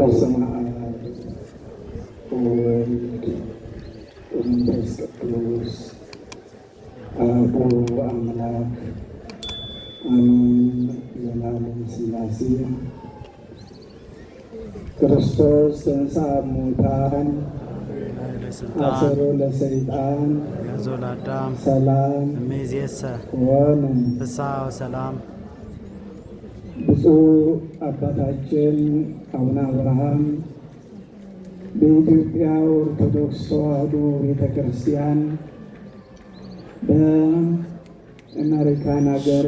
በስመ አብ ወወልድ ወመንፈስ ቅዱስ አሐዱ አምላክ አሜን። ዘላለም ሥላሴ ክርስቶስ ተንሥአ እሙታን አሰሮ ለሰይጣን ሰላም እምይእዜሰ ወነ ፍስሐ ወሰላም ብፁዕ አባታችን አቡነ አብርሃም በኢትዮጵያ ኦርቶዶክስ ተዋሕዶ ቤተ ክርስቲያን በአሜሪካን ሀገር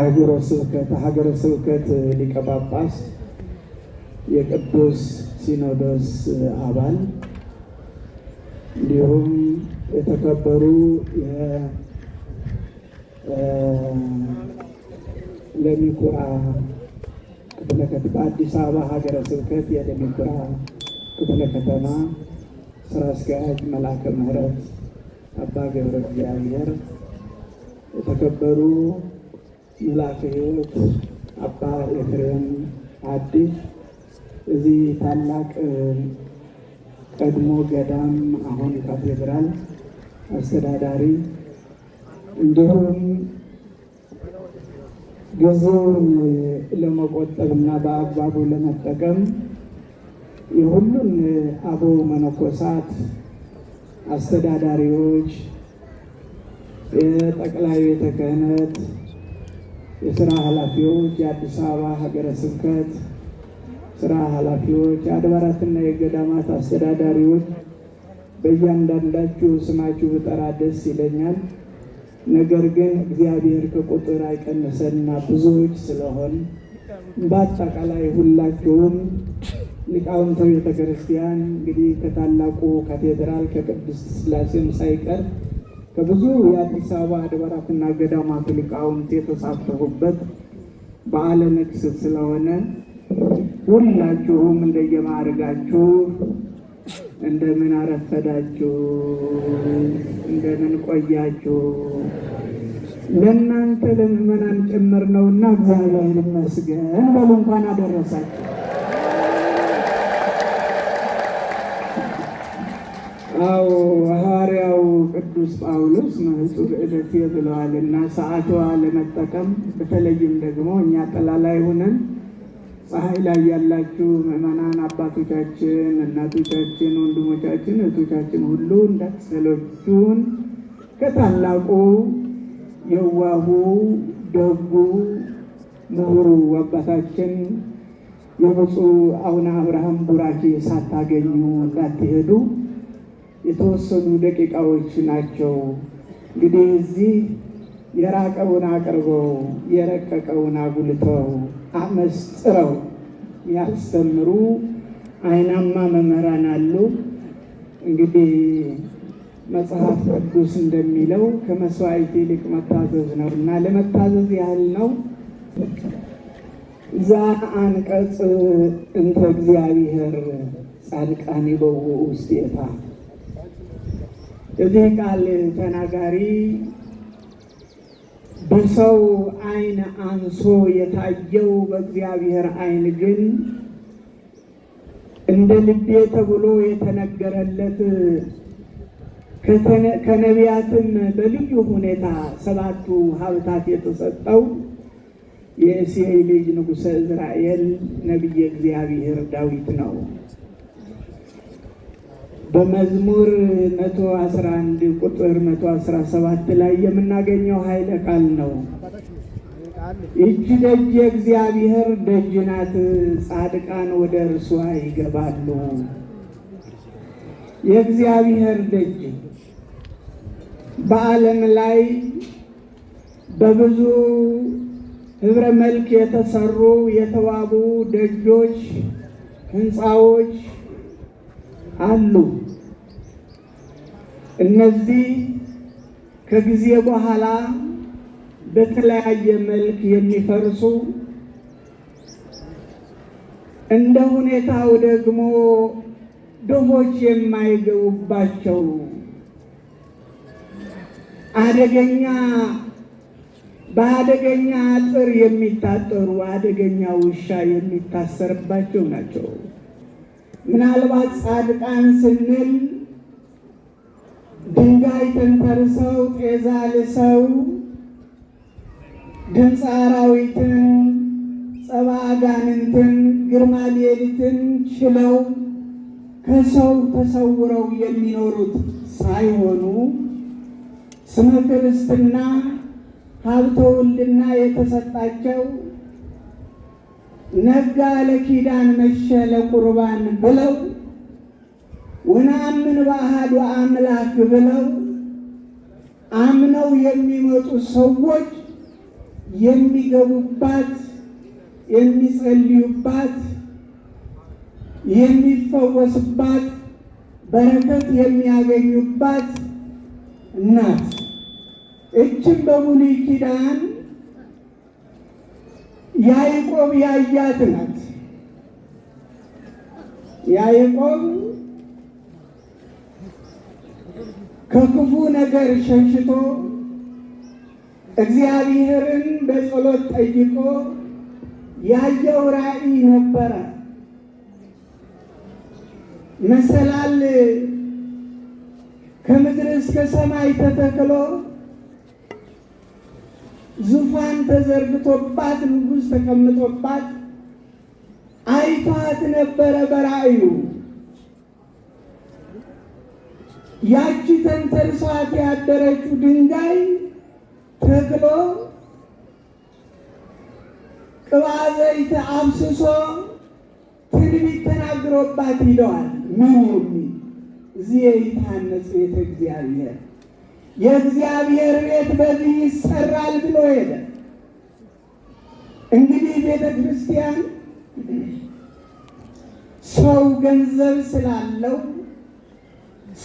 ሀገረ ስብከት ሀገረ ስብከት ሊቀ ጳጳስ የቅዱስ ሲኖዶስ አባል እንዲሁም የተከበሩ ለሚኩራ ክፍለ ከተማ በአዲስ አበባ ሀገረ ስብከት የለሚኩራ ክፍለ ከተማ ስራ አስኪያጅ መላከ ምሕረት አባ ገብረ እግዚአብሔር፣ የተከበሩ መልአከ ሕይወት አባ ኤፍሬም አዲስ፣ እዚህ ታላቅ ቀድሞ ገዳም አሁን ካቴድራል አስተዳዳሪ እንዲሁም ጊዜውን ለመቆጠብና በአግባቡ ለመጠቀም የሁሉን አበው መነኮሳት አስተዳዳሪዎች፣ የጠቅላይ ቤተ ክህነት የስራ ኃላፊዎች፣ የአዲስ አበባ ሀገረ ስብከት ስራ ኃላፊዎች፣ የአድባራትና የገዳማት አስተዳዳሪዎች በእያንዳንዳችሁ ስማችሁ ብጠራ ደስ ይለኛል። ነገር ግን እግዚአብሔር ከቁጥር አይቀንሰንና ብዙዎች ስለሆን በአጠቃላይ ሁላችሁም ሊቃውንተ ቤተ ክርስቲያን እንግዲህ ከታላቁ ካቴድራል ከቅድስት ስላሴም ሳይቀር ከብዙ የአዲስ አበባ አድባራትና ገዳማት ሊቃውንት የተሳተፉበት በዓለ ንግሥ ስለሆነ ሁላችሁም እንደየማዕርጋችሁ እንደምን አረፈዳችሁ? እንደምን ቆያችሁ? ለእናንተ ለምእመናን ጭምር ነውና እግዚአብሔር ይመስገን በሉ። እንኳን አደረሳችሁ። አዎ ሐዋርያው ቅዱስ ጳውሎስ ምሕጹር ብለዋል ብለዋልና ሰዓቷ ለመጠቀም በተለይም ደግሞ እኛ ጠላላይ ሆነን ፀሐይ ላይ ያላችሁ ምዕመናን አባቶቻችን፣ እናቶቻችን፣ ወንድሞቻችን፣ እህቶቻችን ሁሉ እንዳትሰለቹን ከታላቁ የዋሁ ደጉ ምሁሩ አባታችን የብፁዕ አቡነ አብርሃም ቡራኬ ሳታገኙ እንዳትሄዱ የተወሰኑ ደቂቃዎች ናቸው። እንግዲህ እዚህ የራቀውን አቅርበው የረቀቀውን አጉልተው አመስጥረው ያስተምሩ አይናማ መምህራን አሉ። እንግዲህ መጽሐፍ ቅዱስ እንደሚለው ከመስዋዕት ይልቅ መታዘዝ ነው እና ለመታዘዝ ያህል ነው። እዛ አንቀጽ እንተ እግዚአብሔር ጻድቃን ይበውኡ ውስጤታ እዚህ ቃል ተናጋሪ ሰው ዓይን አንሶ የታየው በእግዚአብሔር ዓይን ግን እንደ ልቤ ተብሎ የተነገረለት ከነቢያትም በልዩ ሁኔታ ሰባቱ ሀብታት የተሰጠው የእሴይ ልጅ ንጉሠ እስራኤል ነቢየ እግዚአብሔር ዳዊት ነው። በመዝሙር 111 ቁጥር 117 ላይ የምናገኘው ኃይለ ቃል ነው። ይህች ደጅ የእግዚአብሔር ደጅ ናት፣ ጻድቃን ወደ እርሷ ይገባሉ። የእግዚአብሔር ደጅ በዓለም ላይ በብዙ ህብረ መልክ የተሰሩ የተዋቡ ደጆች፣ ህንፃዎች አሉ። እነዚህ ከጊዜ በኋላ በተለያየ መልክ የሚፈርሱ እንደ ሁኔታው ደግሞ ድሆች የማይገቡባቸው አደገኛ በአደገኛ አጥር የሚታጠሩ አደገኛ ውሻ የሚታሰርባቸው ናቸው። ምናልባት ጻድቃን ስንል ድንጋይ ተንተርሰው ጤዛ ልሰው ድምፀ አራዊትን ጸባ አጋንንትን ግርማ ሌሊትን ችለው ከሰው ተሰውረው የሚኖሩት ሳይሆኑ ስመ ክርስትና ሀብተ ውልድና የተሰጣቸው ነጋ ለኪዳን መሸ ለቁርባን ብለው ወናምን ባህዱ አምላክ ብለው አምነው የሚመጡ ሰዎች የሚገቡባት፣ የሚጸልዩባት፣ የሚፈወስባት፣ በረከት የሚያገኙባት ናት። እችን በሙሉ ኪዳን ያዕቆብ ያያት ናት። ያዕቆብ ከክፉ ነገር ሸሽቶ እግዚአብሔርን በጸሎት ጠይቆ ያየው ራእይ ነበረ። መሰላል ከምድር እስከ ሰማይ ተተክሎ ዙፋን ተዘርግቶባት ንጉሥ ተቀምጦባት አይቷት ነበረ በራእዩ። ያቺ ተንተርሷት ያደረችው ድንጋይ ተክሎ ቅባ ዘይት አብስሶ ትንቢት ተናግሮባት ሂደዋል። ምን የሚል እዚህ የይታነጽ ቤተ እግዚአብሔር የእግዚአብሔር ቤት በዚህ ይሰራል ብሎ ሄደ። እንግዲህ ቤተ ክርስቲያን ሰው ገንዘብ ስላለው፣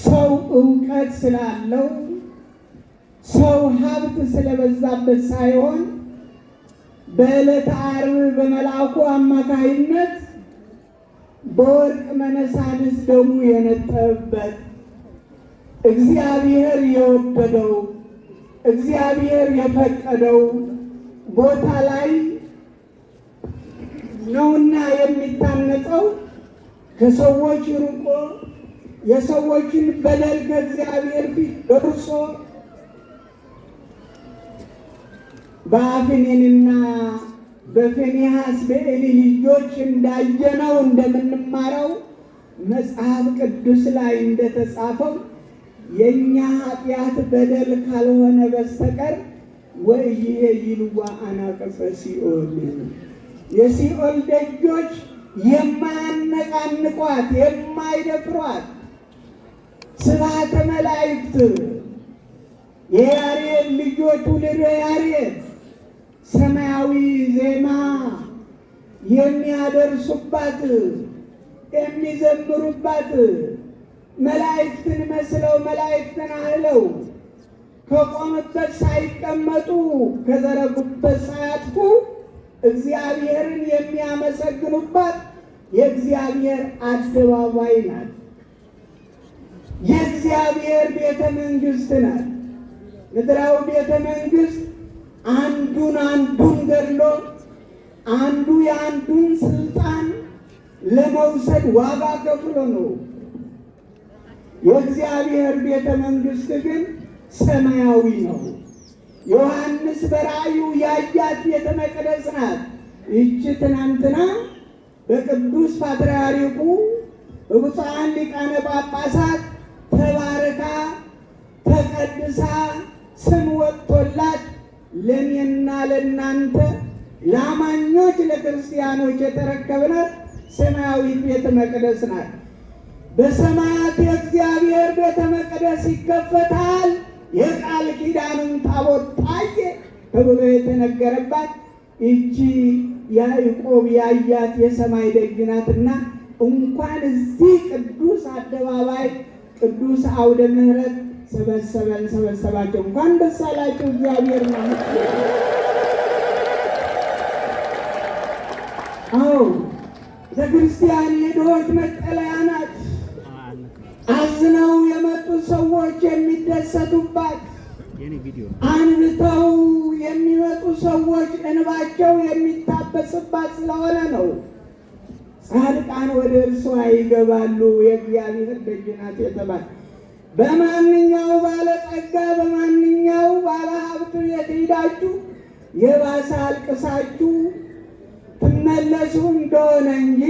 ሰው እውቀት ስላለው፣ ሰው ሀብት ስለበዛበት ሳይሆን በዕለት ዓርብ በመልአኩ አማካይነት በወርቅ መነሳንስ ደሙ የነጠበበት እግዚአብሔር የወደደው እግዚአብሔር የፈቀደው ቦታ ላይ ነውና የሚታነጸው ከሰዎች ርቆ የሰዎችን በደል ከእግዚአብሔር ፊት ደርሶ በአፍኒንና በፊንሐስ በኤሊ ልጆች እንዳየነው እንደምንማረው መጽሐፍ ቅዱስ ላይ እንደተጻፈው የእኛ ኃጢአት በደል ካልሆነ በስተቀር ወእይሄ ይልዋ አናቅፈ ሲኦል የሲኦል ደጆች የማያነቃንቋት የማይደፍሯት ስብሐተ መላእክት የያሬድ ልጆች ውልደ ያሬድ ሰማያዊ ዜማ የሚያደርሱባት የሚዘምሩባት መላእክትን መስለው መላእክትን አህለው ከቆሙበት ሳይቀመጡ ከዘረጉበት ሳያጥፉ እግዚአብሔርን የሚያመሰግኑባት የእግዚአብሔር አደባባይ ናት። የእግዚአብሔር ቤተ መንግስት ናት። ምድራዊ ቤተ መንግስት አንዱን አንዱን ገድሎ አንዱ የአንዱን ስልጣን ለመውሰድ ዋጋ ከፍሎ ነው የእግዚአብሔር ቤተ መንግሥት ግን ሰማያዊ ነው። ዮሐንስ በራእዩ ያያት ቤተ መቅደስ ናት። ይቺ ትናንትና በቅዱስ ፓትርያርኩ በብፁዓን ሊቃነ ጳጳሳት ተባርካ ተቀድሳ ስም ወጥቶላት ለእኔና ለእናንተ ለአማኞች ለክርስቲያኖች የተረከብናት ሰማያዊ ቤተ መቅደስ ናት። በሰማያት የእግዚአብሔር ቤተ መቅደስ ይከፈታል፣ የቃል ኪዳንም ታቦት ታየ ተብሎ የተነገረባት እቺ ያዕቆብ ያያት የሰማይ ደጅ ናትና እንኳን እዚህ ቅዱስ አደባባይ ቅዱስ አውደ ምሕረት ሰበሰበን ሰበሰባቸው። እንኳን ደስ አላቸው። እግዚአብሔር ነው። አዎ ቤተክርስቲያን የድሆች መጠለያ ናት። የሚደሰቱባት አንተው የሚመጡ ሰዎች እንባቸው የሚታበስባት ስለሆነ ነው። ጻድቃን ወደ እርሷ ይገባሉ የእግዚአብሔር ደጅ ናት የተባለ በማንኛው ባለጸጋ በማንኛው ባለሀብት ቤት ሄዳችሁ የባሰ አልቅሳችሁ ትመለሱ እንደሆነ እንጂ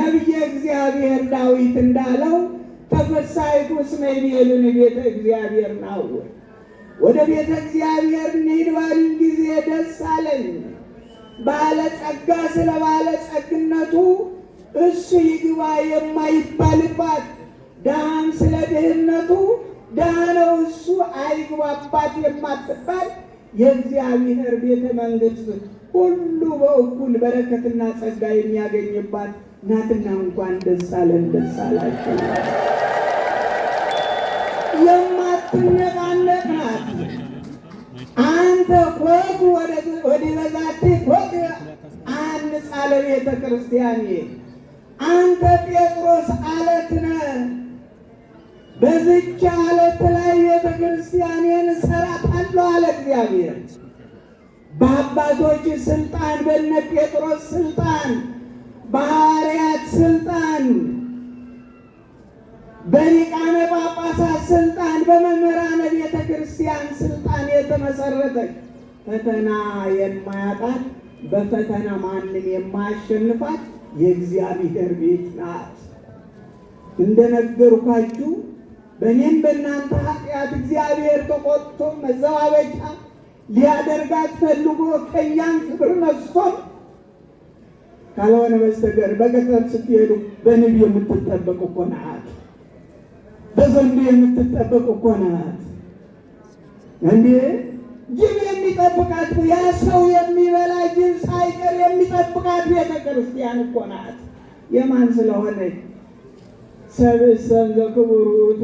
ነቢየ እግዚአብሔር ዳዊት እንዳለው ተመሳይቱ እስመ ይቤልን ቤተ እግዚአብሔር ነው ወደ ቤተ እግዚአብሔር እንሂድ ባልን ጊዜ ደስ አለን። ባለጸጋ ስለ ባለጸግነቱ እሱ ይግባ የማይባልባት ድሃም ስለ ድህነቱ ድሃ ነው እሱ አይግባባት የማትባል የእግዚአብሔር ቤተ መንግሥት ሁሉ በእኩል በረከትና ጸጋ የሚያገኝባት ናትና እንኳን ደስ አለን ደስ አላችሁ። የማትነቃነቅ ናት። አንተ ኮክ ወዲበዛቴ ኮክ አንጻ ለቤተ ክርስቲያኔ አንተ ጴጥሮስ አለት ነህ። አለት ላይ ቤተ ክርስቲያኔን እሰራታለሁ አለ እግዚአብሔር። በአባቶች ስልጣን፣ በነ ጴጥሮስ ስልጣን በሐዋርያት ስልጣን፣ በሊቃነ ጳጳሳት ስልጣን፣ በመምህራነ ቤተ ክርስቲያን ስልጣን የተመሰረተች ፈተና የማያጣት በፈተና ማንም የማያሸንፋት የእግዚአብሔር ቤት ናት። እንደነገርኳችሁ በእኔም በእናንተ ኃጢአት እግዚአብሔር ተቆጥቶ መዘባበጫ ሊያደርጋት ፈልጎ ከእኛም ክብር ነስቶም ካልሆነ በስተቀር በገጠር ስትሄዱ በንብ የምትጠበቅ እኮ ናት። በዘንዱ የምትጠበቁ እኮ ናት። እንዴ ጅብ የሚጠብቃት ያ ሰው የሚበላ ጅብ ሳይቀር የሚጠብቃት ቤተ ክርስቲያን እኮ ናት። የማን ስለሆነ ሰብእሰን ዘክቡር ውእቱ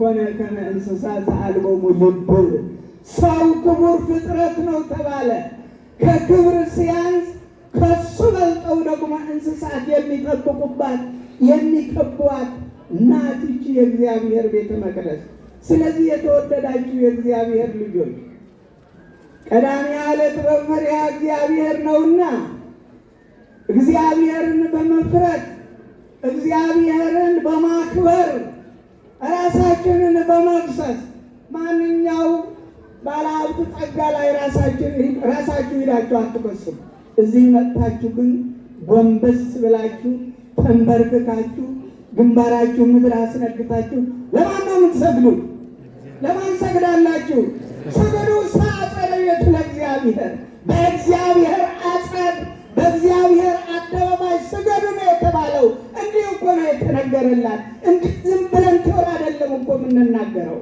ኮነ ከመ እንስሳት ዘአልቦሙ ልብዕ ሰው ክቡር ፍጥረት ነው ተባለ። ከክብር ሲያንስ ከሱ በልጠው ደግሞ እንስሳት የሚጠብቁባት የሚከቧት ናት ይቺ የእግዚአብሔር ቤተ መቅደስ። ስለዚህ የተወደዳችሁ የእግዚአብሔር ልጆች ቀዳሚያ ዕለት መፈሪያ እግዚአብሔር ነውና እግዚአብሔርን በመፍረት እግዚአብሔርን በማክበር ራሳችንን በመቅሰስ ማንኛው ባለሀብት ጸጋ ላይ ራሳችሁ ሄዳችሁ አትመስሉ። እዚህ መጥታችሁ ግን ጎንበስ ብላችሁ ተንበርክካችሁ ግንባራችሁ ምድር አስነግታችሁ ለማን ነው የምትሰግዱ? ለማን ሰግዳላችሁ? ሰገዱ ሳጸለ ቤቱ ለእግዚአብሔር በእግዚአብሔር አጸድ በእግዚአብሔር አደባባይ ስገዱ ነው የተባለው። እንዲህ እኮ ነው የተነገረላት። እንዲህ ዝም ብለን ትወር አይደለም እኮ የምንናገረው።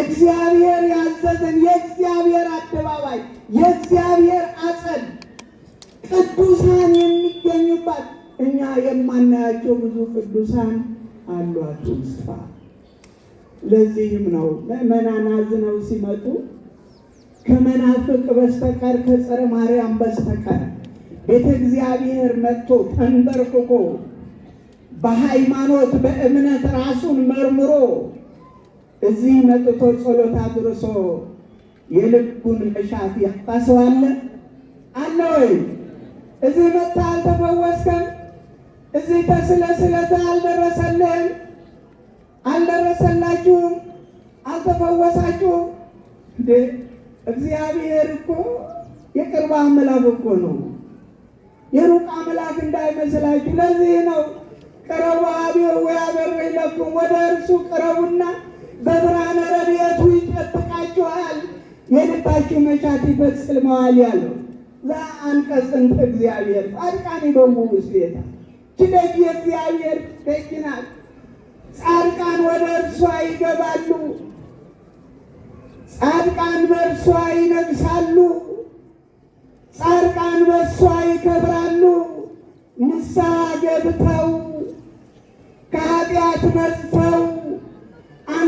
እግዚአብሔር ያዘዘን የእግዚአብሔር አደባባይ የእግዚአብሔር አጸድ ቅዱሳን የሚገኙባት እኛ የማናያቸው ብዙ ቅዱሳን አሏት ውስጧ። ለዚህም ነው ምእመናን አዝነው ሲመጡ ከመናፍቅ በስተቀር ከጸረ ማርያም በስተቀር ቤተ እግዚአብሔር መጥቶ ተንበርክኮ በሃይማኖት በእምነት ራሱን መርምሮ እዚህ መጥቶ ጸሎት አድርሶ የልቡን መሻት ያጣ አለ አለ ወይ? እዚህ መጥተህ አልተፈወስከም? እዚህ ተስለ ስለተ አልደረሰልህም? አልደረሰላችሁም? አልተፈወሳችሁም? እንዴ እግዚአብሔር እኮ የቅርብ አምላክ እኮ ነው፣ የሩቅ አምላክ እንዳይመስላችሁ። ለዚህ ነው ቅረቡ አብዮ ወያበር ለኩም፣ ወደ እርሱ ቅረቡና በብርሃነ ረድኤቱ ይጠብቃችኋል፣ የልባችሁ መሻት ይፈጽል መዋል ያለው ዘአንቀጽ እንተ እግዚአብሔር ጻድቃን ይበሙ ምስሌታ ኪደግ የእግዚአብሔር ደጅ ናት፣ ጻድቃን ወደ እርሷ ይገባሉ፣ ጻድቃን በእርሷ ይነግሳሉ፣ ጻድቃን በእርሷ ይከብራሉ። ንስሐ ገብተው ከኃጢአት መርዝ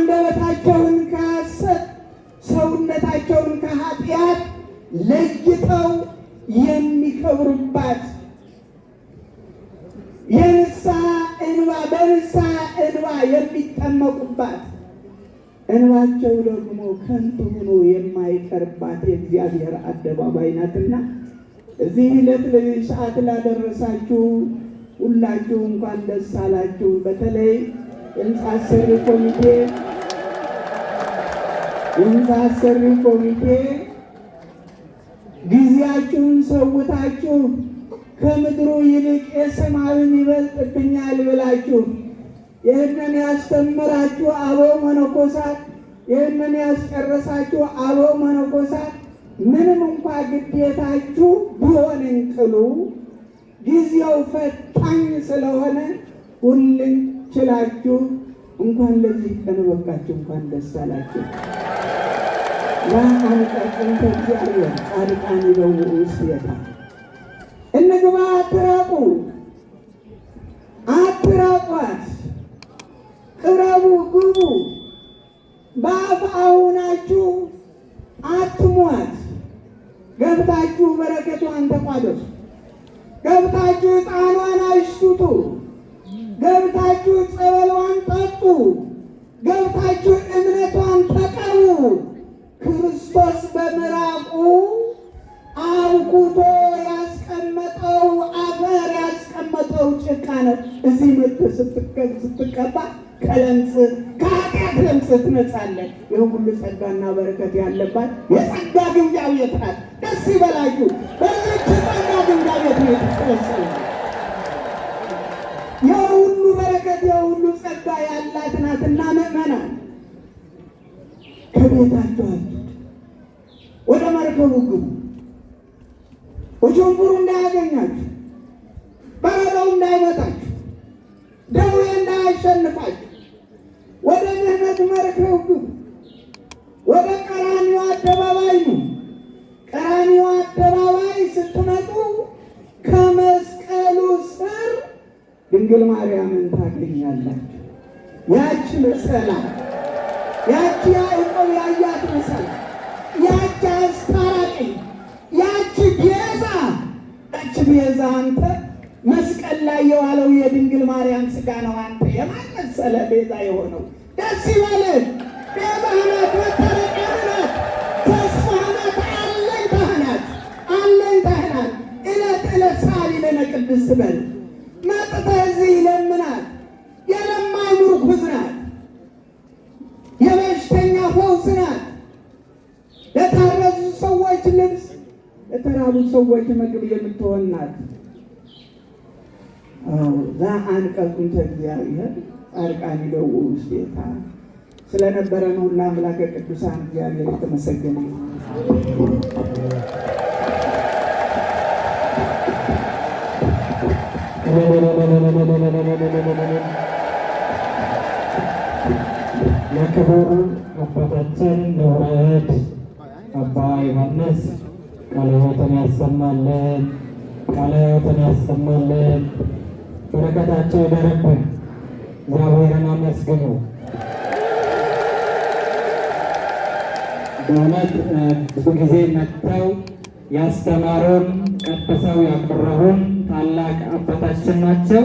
አንደበታቸውን ከሐሰት ሰውነታቸውን ከኃጢአት ለይተው የሚከብሩባት የንስሐ እንባ እንባ የሚጠመቁባት እንባቸው ደግሞ ከንቱ ሆኖ የማይቀርባት የእግዚአብሔር አደባባይ ናትና እዚህ ዕለት ለዚህ ሰዓት ላደረሳችሁ ሁላችሁ እንኳን ደስ አላችሁ። በተለይ ኮሚቴ የምሳ አሰሪ ኮሚቴ ጊዜያችሁን ሰውታችሁ ከምድሩ ይልቅ የሰማዩን ይበልጥብኛል ብላችሁ ይህንን ያስተምራችሁ አበው መነኮሳት፣ ይህንን ያስጨረሳችሁ አበው መነኮሳት ምንም እንኳ ግዴታችሁ ቢሆን እንቅሉ ጊዜው ፈታኝ ስለሆነ ሁልን ችላችሁ እንኳን ለዚህ ቀን በቃችሁ፣ እንኳን ደስ አላችሁ። አንቀርቅም ከእግዚአብሔር ጻድቃን ይበውዑ እስየታ። እንግባ አትራቁ፣ አትራቋት፣ ቅረቡ፣ ግቡ፣ በአፍ አሁናችሁ አትሟት። ገብታችሁ በረከቷን ተቋደሱ። ገብታችሁ ዕጣኗን አሽቱቱ። ገብታችሁ ጸበሏን ጠጡ። ገብታችሁ እምነቷን ተቀቡ። ክርስቶስ በምራቁ አውቁቶ ያስቀመጠው አፈር ያስቀመጠው ጭቃ ነው። እዚህ ምርት ስትቀባ ከለምጽ ከኃጢአት ለምጽ ትነጻለህ። ይህ ሁሉ ጸጋና በረከት ያለባት የጸጋ ግምጃ ቤት ናት። ደስ ይበላችሁ። በዚች ጸጋ ግምጃ ቤት ነው የተሰበሰበ የሁሉ በረከት የሁሉ ጸጋ ያላት ናትና ምእመናን ወደ መርከቡ ግቡ። ውዥንብሩ እንዳያገኛችሁ፣ በረዶው እንዳይመጣችሁ፣ ደዌ እንዳያሸንፋችሁ ወደ ምሕረት መርከቡ ግቡ። ወደ ቀራኒው አደባባይ ነው። ቀራኒው አደባባይ ስትመጡ ከመስቀሉ ስር ድንግል ማርያምን ታገኛላችሁ። ያቺ መሰላል ያቺ ያዕቆብ ያያት መሰላል አታስታራቂ። ያቺ ቤዛ ያቺ ቤዛ አንተ መስቀል ላይ የዋለው የድንግል ማርያም ስጋ ነው። አንተ የማን መሰለ ቤዛ የሆነው? ደስ ይበልን። ቤዛ ናት፣ መታረቂያ ተስፋ ናት፣ አለኝታህ ናት፣ አለኝታህ ናት። ዕለት ዕለት ሰዓሊ ለነ ቅድስት በል መጥተህ እዚህ ይለምናል የለማ ምርኩዝ ናት፣ የበሽተኛ ፈውስ ናት። ሰዎች ልብስ፣ የተራቡ ሰዎች ምግብ የምትሆን ናት። ዘአንቀጽ እንተ እግዚአብሔር ጻድቃን ይደውሉ ውስቴታ። ስለነበረን ሁሉ አምላከ ቅዱሳን እግዚአብሔር የተመሰገነ ለክቡር አባታችን ደብረ አባ ዮሐንስ ቃለ ሕይወትን ያሰማልን፣ ቃለ ሕይወትን ያሰማልን። በረከታቸው ደረብን እግዚአብሔርን አመስግኑ። በእውነት ብዙ ጊዜ መጥተው ያስተማሩን ቀድሰው ያቀረቡን ታላቅ አባታችን ናቸው።